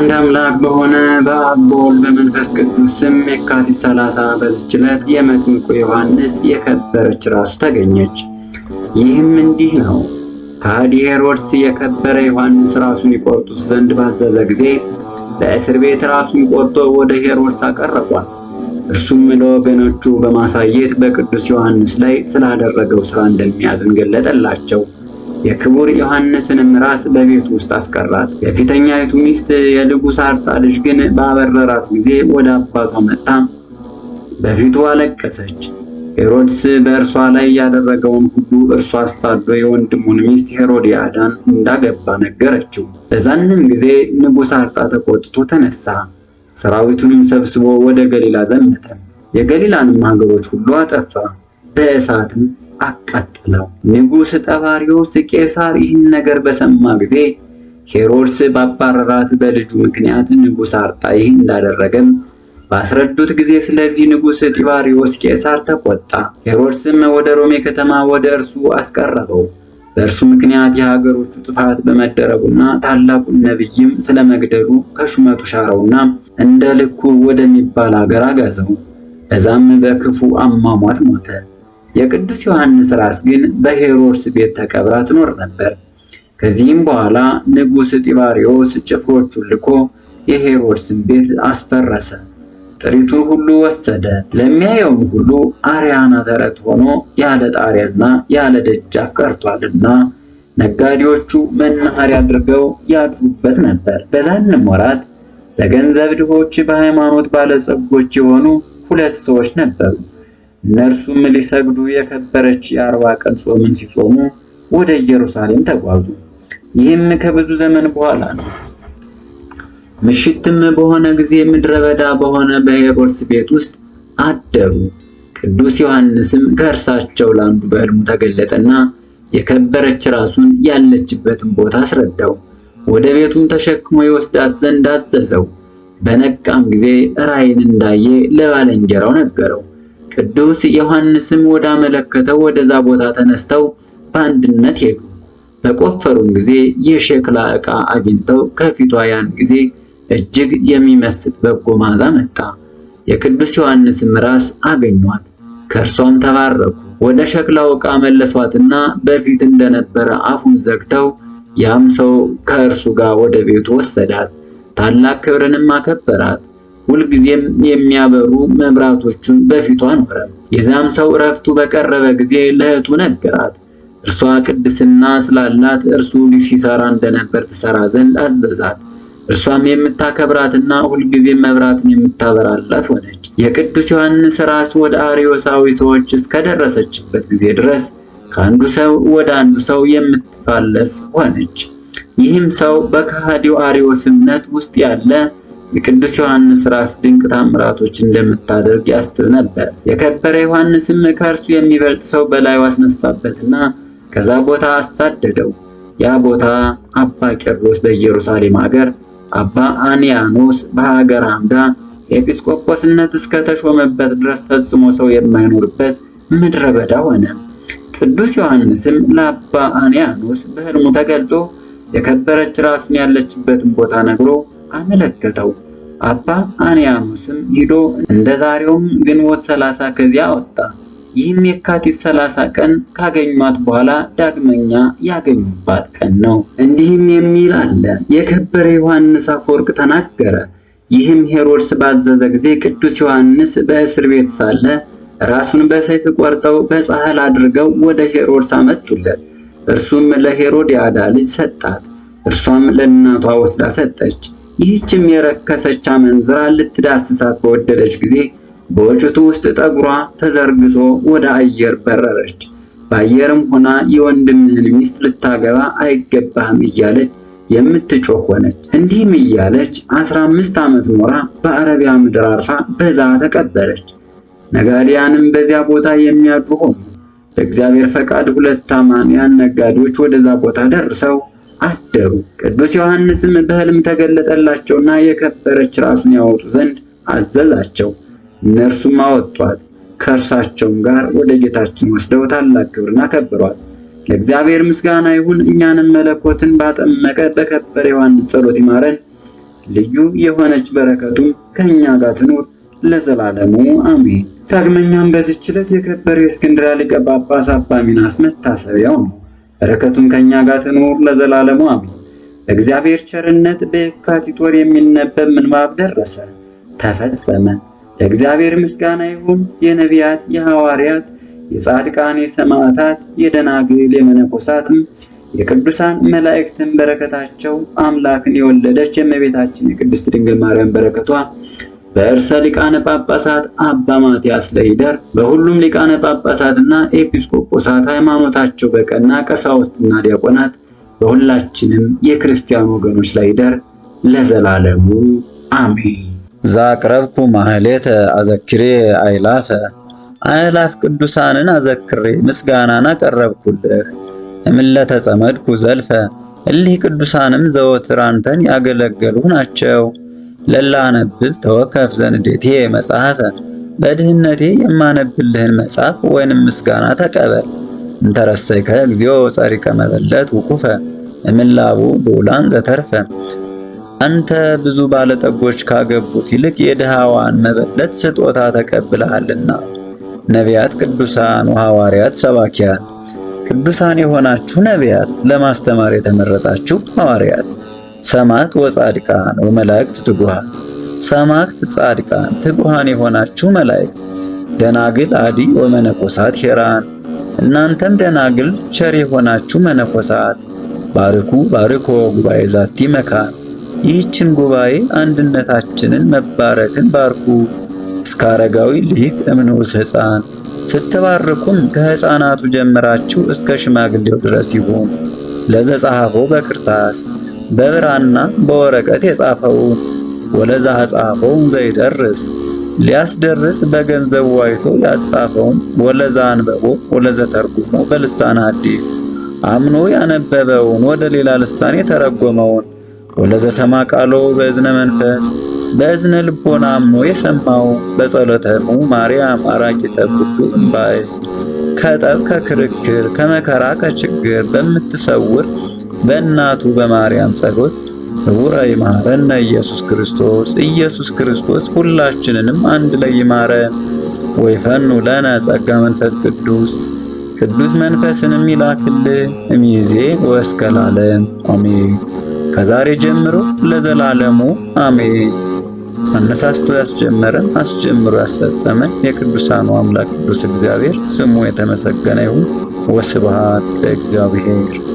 አንድ አምላክ በሆነ በአብ በወልድ በመንፈስ ቅዱስ ስም የካቲት 30 በዚች ዕለት የመጥምቁ ዮሐንስ የከበረች ራሱ ተገኘች። ይህም እንዲህ ነው። ከሃዲ ሄሮድስ የከበረ ዮሐንስ ራሱን ይቆርጡት ዘንድ ባዘዘ ጊዜ በእስር ቤት ራሱን ቆርጦ ወደ ሄሮድስ አቀረቧል። እርሱም ለወገኖቹ በማሳየት በቅዱስ ዮሐንስ ላይ ስላደረገው ሥራ እንደሚያዝን ገለጠላቸው። የክቡር ዮሐንስንም ራስ በቤት ውስጥ አስቀራት። የፊተኛይቱ ሚስት አርጣ ልጅ ግን ባበረራት ጊዜ ወደ አባቷ መጣ፣ በፊቱ አለቀሰች። ሄሮድስ በእርሷ ላይ ያደረገውን ሁሉ እርሷ አሳዶ የወንድሙን ሚስት ሄሮዲያዳን እንዳገባ ነገረችው። በዛንም ጊዜ ንጉሥ አርጣ ተቆጥቶ ተነሳ፣ ሰራዊቱንም ሰብስቦ ወደ ገሊላ ዘመተ። የገሊላንም ሀገሮች ሁሉ አጠፋ በእሳትም አቃጠለው። ንጉሥ ጠባሪዎስ ቄሳር ይህን ነገር በሰማ ጊዜ ሄሮድስ ባባረራት በልጁ ምክንያት ንጉሥ አርጣ ይህን እንዳደረገም ባስረዱት ጊዜ ስለዚህ ንጉሥ ጢባሪዎስ ቄሳር ተቆጣ። ሄሮድስም ወደ ሮሜ ከተማ ወደ እርሱ አስቀረበው። በእርሱ ምክንያት የሀገሮቹ ጥፋት በመደረጉና ታላቁን ነቢይም ስለመግደሉ ከሹመቱ ሻረውና እንደ ልኩ ወደሚባል ሀገር አጋዘው። በዛም በክፉ አሟሟት ሞተ። የቅዱስ ዮሐንስ ራስ ግን በሄሮድስ ቤት ተቀብራ ትኖር ነበር። ከዚህም በኋላ ንጉሥ ጢባሪዎስ ጭፍሮቹን ልኮ የሄሮድስን ቤት አስፈረሰ። ጥሪቱ ሁሉ ወሰደ። ለሚያየውም ሁሉ አርያና ተረት ሆኖ ያለ ጣሪያና ያለ ደጃፍ ቀርቷልና ነጋዴዎቹ መናኸሪያ አድርገው ያድሩበት ነበር። በዛንም ወራት በገንዘብ ድሆች፣ በሃይማኖት ባለጸጎች የሆኑ ሁለት ሰዎች ነበሩ። እነርሱም ሊሰግዱ የከበረች የአርባ ቀን ጾምን ሲጾሙ ወደ ኢየሩሳሌም ተጓዙ። ይህም ከብዙ ዘመን በኋላ ነው። ምሽትም በሆነ ጊዜ ምድረ በዳ በሆነ በሄሮድስ ቤት ውስጥ አደሩ። ቅዱስ ዮሐንስም ከእርሳቸው ለአንዱ በሕልሙ ተገለጠና የከበረች ራሱን ያለችበትን ቦታ አስረዳው። ወደ ቤቱም ተሸክሞ ይወስዳት ዘንድ አዘዘው። በነቃም ጊዜ ራእይን እንዳየ ለባልንጀራው ነገረው። ቅዱስ ዮሐንስም ወዳመለከተው ወደዛ ቦታ ተነስተው በአንድነት ሄዱ። በቆፈሩም ጊዜ የሸክላ ዕቃ አግኝተው ከፊቷ ያን ጊዜ እጅግ የሚመስል በጎ መዓዛ መጣ። የቅዱስ ዮሐንስም ራስ አገኟት፣ ከእርሷም ተባረኩ። ወደ ሸክላው ዕቃ መለሷትና በፊት እንደነበረ አፉን ዘግተው ያም ሰው ከእርሱ ጋር ወደ ቤቱ ወሰዳት። ታላቅ ክብርንም አከበራት። ሁልጊዜም የሚያበሩ መብራቶቹን በፊቷ አኖረ። የዛም ሰው እረፍቱ በቀረበ ጊዜ ለእህቱ ነገራት። እርሷ ቅድስና ስላላት እርሱ ሲሰራ እንደነበር ትሰራ ዘንድ አዘዛት። እርሷም የምታከብራትና ሁልጊዜም መብራትን የምታበራላት ሆነች። የቅዱስ ዮሐንስ ራስ ወደ አርዮሳዊ ሰዎች እስከደረሰችበት ጊዜ ድረስ ከአንዱ ሰው ወደ አንዱ ሰው የምትፋለስ ሆነች። ይህም ሰው በከሃዲው አርዮስ እምነት ውስጥ ያለ የቅዱስ ዮሐንስ ራስ ድንቅ ታምራቶች እንደምታደርግ ያስብ ነበር። የከበረ ዮሐንስም ከእርሱ የሚበልጥ ሰው በላዩ አስነሳበትና ከዛ ቦታ አሳደደው። ያ ቦታ አባ ቄርሎስ በኢየሩሳሌም ሀገር፣ አባ አንያኖስ በሀገር አምዳ ኤጲስቆጶስነት እስከ ተሾመበት ድረስ ፈጽሞ ሰው የማይኖርበት ምድረ በዳ ሆነ። ቅዱስ ዮሐንስም ለአባ አንያኖስ በሕልሙ ተገልጦ የከበረች ራሱን ያለችበትን ቦታ ነግሮ አመለከተው። አባ አንያኖስም ሂዶ እንደ ዛሬውም ግንቦት 30 ከዚያ አወጣ ይህም የካቲት 30 ቀን ካገኟት በኋላ ዳግመኛ ያገኙባት ቀን ነው። እንዲህም የሚል አለ። የከበረ ዮሐንስ አፈወርቅ ተናገረ። ይህም ሄሮድስ ባዘዘ ጊዜ ቅዱስ ዮሐንስ በእስር ቤት ሳለ ራሱን በሰይፍ ቆርጠው በጻሕል አድርገው ወደ ሄሮድስ አመጡለት። እርሱም ለሄሮድያዳ ልጅ ሰጣት። እርሷም ለእናቷ ወስዳ ሰጠች። ይህችም የረከሰች አመንዝራ ልትዳስሳት በወደደች ጊዜ በወጭቱ ውስጥ ጠጉሯ ተዘርግቶ ወደ አየር በረረች። በአየርም ሆና የወንድምህን ሚስት ልታገባ አይገባህም እያለች የምትጮህ ሆነች። እንዲህም እያለች አስራ አምስት ዓመት ኖራ በአረቢያ ምድር አርፋ በዛ ተቀበረች። ነጋዴያንም በዚያ ቦታ የሚያድሩ ሆኑ። በእግዚአብሔር ፈቃድ ሁለት ታማንያን ነጋዴዎች ወደዛ ቦታ ደርሰው አደሩ። ቅዱስ ዮሐንስም በሕልም ተገለጠላቸውና የከበረች ራሱን ያወጡ ዘንድ አዘዛቸው። እነርሱም አወጧት። ከእርሳቸውም ጋር ወደ ጌታችን ወስደው ታላቅ ክብርን አከብሯል። ለእግዚአብሔር ምስጋና ይሁን። እኛንም መለኮትን ባጠመቀ በከበረ ዮሐንስ ጸሎት ይማረን። ልዩ የሆነች በረከቱም ከእኛ ጋር ትኖር ለዘላለሙ አሜን። ዳግመኛም በዚች ዕለት የከበረ የእስክንድርያ ሊቀ ጳጳስ አባ ሚናስ መታሰቢያው ነው። በረከቱም ከኛ ጋር ትኑር ለዘላለሙ አሜን። በእግዚአብሔር ቸርነት በየካቲት ወር የሚነበብ ምንባብ ደረሰ፣ ተፈጸመ። ለእግዚአብሔር ምስጋና ይሁን። የነቢያት፣ የሐዋርያት፣ የጻድቃን፣ የሰማዕታት፣ የደናግል፣ የመነኮሳትም የቅዱሳን መላእክትን በረከታቸው አምላክን የወለደች የእመቤታችን የቅድስት ድንግል ማርያም በረከቷ በእርሰ ሊቃነ ጳጳሳት አባ ማትያስ ለይደር በሁሉም ሊቃነ ጳጳሳትና ኤጲስቆጶሳት ሃይማኖታቸው በቀና ቀሳውስትና ዲያቆናት በሁላችንም የክርስቲያን ወገኖች ለይደር ለዘላለሙ አሜን። ዛቅረብኩ ማህሌተ አዘክሬ አይላፈ አይላፍ ቅዱሳንን አዘክሬ ምስጋናን አቀረብኩልህ። እምለተ ጸመድኩ ዘልፈ እሊህ ቅዱሳንም ዘወትር አንተን ያገለገሉ ናቸው። ለላነብብ ተወከፍ ዘንዴቴ መጽሐፈ በድህነቴ የማነብልህን መጽሐፍ ወይንም ምስጋና ተቀበል። እንተረሰይከ እግዚኦ ጸሪቀ መበለት ውኩፈ እምላቡ ቦላን ዘተርፈ። አንተ ብዙ ባለጠጎች ካገቡት ይልቅ የድሃዋን መበለት ስጦታ ተቀብለሃልና። ነቢያት፣ ቅዱሳን ወሐዋርያት፣ ሰባኪያን ቅዱሳን የሆናችሁ ነቢያት፣ ለማስተማር የተመረጣችሁ ሐዋርያት ሰማዕት ወጻድቃን ወመላእክት ትጉሃን ሰማዕት፣ ጻድቃን፣ ትጉሃን የሆናችሁ መላእክት ደናግል አዲ ወመነኮሳት ሄራን እናንተም ደናግል ቸር የሆናችሁ መነኮሳት ባርኩ ባርኮ ጉባኤ ዛቲ መካን ይህችን ጉባኤ አንድነታችንን መባረክን ባርኩ እስከ አረጋዊ ልሂቅ እምንዑስ ሕፃን ስትባርኩም ከሕፃናቱ ጀምራችሁ እስከ ሽማግሌው ድረስ ይሁን ለዘ በክርታስ በብራና በወረቀት የጻፈው ወለዛ ጻፈው ዘይደርስ ሊያስደርስ በገንዘብ ዋይቶ ያጻፈውን ወለዛ አንበቦ ወለዘ ተርጉሞ በልሳን አዲስ አምኖ ያነበበውን ወደ ሌላ ልሳን የተረጎመውን ወለዘ ሰማ ቃሎ በእዝነ መንፈስ በእዝነ ልቦና አምኖ የሰማው በጸሎተሙ ማርያም አራቂ ኩሉ እምባይ ከጠብ ከክርክር ከመከራ ከችግር በምትሰውር በእናቱ በማርያም ጸሎት ዕውረ ይማረነ ኢየሱስ ክርስቶስ ኢየሱስ ክርስቶስ ሁላችንንም አንድ ላይ ይማረ። ወይፈኑ ለነ ጸጋ መንፈስ ቅዱስ ቅዱስ መንፈስንም ይላክልን እምይእዜ ወእስከ ለዓለም አሜን። ከዛሬ ጀምሮ ለዘላለሙ አሜን። አነሳስቶ ያስጀመረን አስጀምሮ ያስፈጸመን የቅዱሳኑ አምላክ ቅዱስ እግዚአብሔር ስሙ የተመሰገነ ይሁን። ወስብሐት ለእግዚአብሔር።